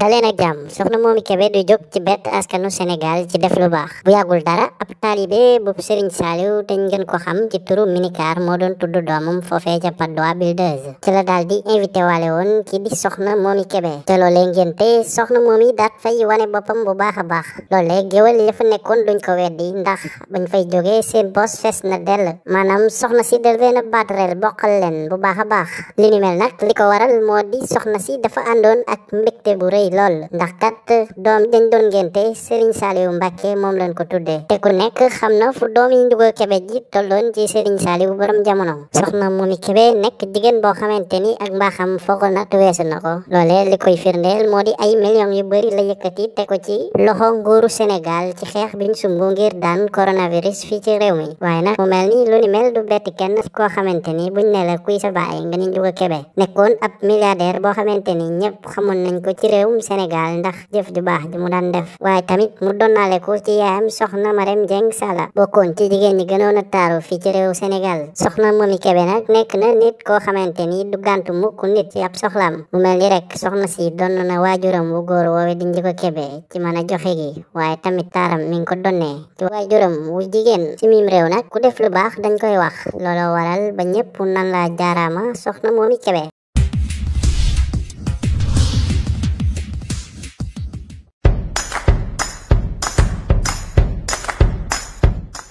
daleen ak jàmm soxna Momy Kébé du jóg ci bett askanu Sénégal ci def lu baax bu yàggul dara ab taalibe bu Serigne Saliou te ngeen ko xam ci turu minicar moo doon tudd doomam foofee ca Patte d'Oie Builders ci la daal di invité waale woon kii di soxna Momy Kébé te loolee ngénte soxna Momy daat fay wane boppam bu baax a baax loolee géwél ya fa nekkoon duñ ko weddi ndax bañ fay jógee seen bos fees na dell maanaam soxna si del leen a baatareel bokkal leen bu baax a baax li ni mel nag li ko waral moo di soxna si dafa rëy lool ndax kat euh, doom dañ doon ngénte Serigne Saliou Mbacke moom lañ ko tuddee te ku nekk xam na fu doom yi Ndouga Kébé ji tolloon ci Serigne Saliou borom jamono soxna Momy Kébé nekk jigéen boo xamante ni ak mbaaxam foogoon na te weesu na ko loolee li koy firndeel moo di yu bëri la yëkkati te ko ci loxo nguuru Sénégal ci xeex biñ sumb ngir daan coronavirus fii ci réew mi waaye nag mu mel ni lu ni mel du betti kenn koo xamante ni buñ ne la kuy sa baay nga ni Ndouga Kébé nekkoon ab milliardaire boo xamante ni ñëpp xamoon nañ ko réewum Sénégal ndax jëf ju baax ji mu daan def waaye tamit mu donnaale ko ci yaayam soxna Marème Dieng Sala bokkoon ci jigéen ñi gënoon a taaru fii ci réew Sénégal soxna Mami Kébé nag nekk na nit koo xamante ni du gàntu mukk nit ci ab soxlaam mu mel ni rek soxna si donn na waajuram wu góor woowe di Njiko Kébé ci mën a joxe gi waaye tamit taaram mi ngi ko donnee ci waajuram wu jigéen ci mim réew nag ku def lu baax dañ koy wax looloo waral ba ñëpp nan la jaaraama soxna Mami Kébé